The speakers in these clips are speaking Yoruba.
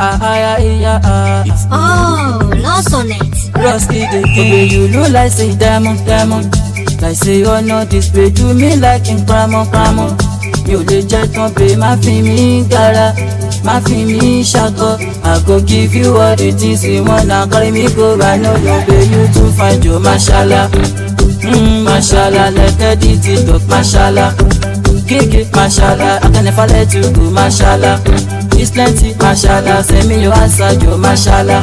Oh, lost on it. Rusty, the way you look like say diamond, diamond. Like say oh no, display to me like in grandma, grandma. Mi ò lè jẹ́ tán pé má fi mí gara, I go give you all the things you want, now carry me go, I know you too fine, Joe, mashallah. Mm, let the DT talk, mashallah. Kick it, mashallah, I can never let you go, mashallah is plenty mashallah sẹ́mi yóò àṣàjò mashallah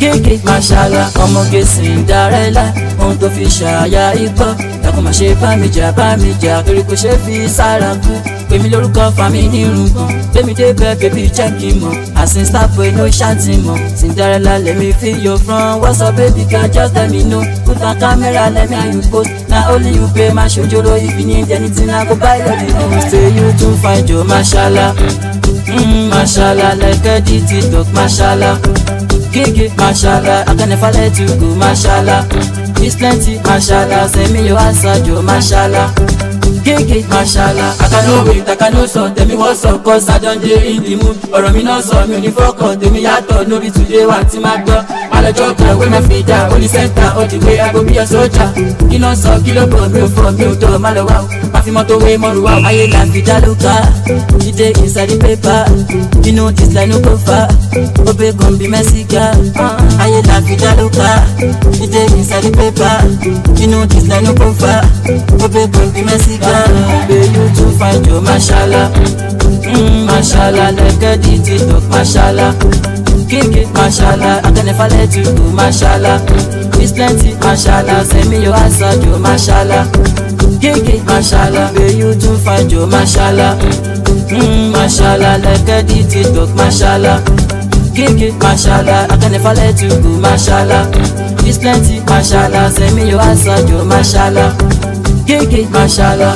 gègé mashallah ọmọge Cinderella ohun tó fi ṣàyà igbó ẹkùn máa ṣe bá mi jà bá mi jà torí kò ṣe fi sára kú pèmí lórúkọ fami nírùngbọ̀n pèmí débẹ̀ bèbí jẹ́ kí n mọ̀ àsìn sáfù inú ṣáàtì mọ̀ Cinderella let me feel your front what's up baby girl just let me know put on camera let me how you post na only you pay máa ṣojúro if you need anything i go buy your new say you too fine jo mashallah mashallah lẹ́kẹ́dì tiktok mashallah gègé mashallah akẹ́nifà let you go mashallah it's plenty mashallah sẹ́mi yóò àṣàjò mashallah gègé. Hey, mashallah, I cannot wait, I cannot sọ tẹ̀mí wọ́n sọ cause I don dey in the mood. Ọ̀rọ̀ mi náà sọ mi ò ní fọ́kàn tèmi yàtọ̀ lórí today wà tí máa gbọ́. Alọ́jọ́ kan wé máa fi dà ó ní sẹ́ńtà ó ti gbé aago bí ọ̀sọ́ ọjà. Kí ló ń sọ kí ló bọ̀ mi ò fọ̀ mi ò tọ̀ má lọ wá o. Àfimọ́ tó wé mọ́rù wá o. Ayé là fi dá lóka, she dey inside the paper, you know this line no go far, obe kan be Mexican. Ayé là fi dá lóka, she dey na the paper. She know this na no profile. Obe can be messy girl. Baby, you too fine, you mashallah. Mm, mashallah, like a DJ dog, mashallah. Kick it, mashallah. I can never let you go, mashallah. It's plenty, mashallah. Send me your answer, you mashallah. Kick it, mashallah. Baby, you too fine, you mashallah. Mm, mashallah, like a DJ dog, mashallah gègé mashallah àtẹnifálẹ̀ tukù mashallah Miss plenty mashallah sẹ́mi yóò wá sọ́jọ́ mashallah gègé mashallah.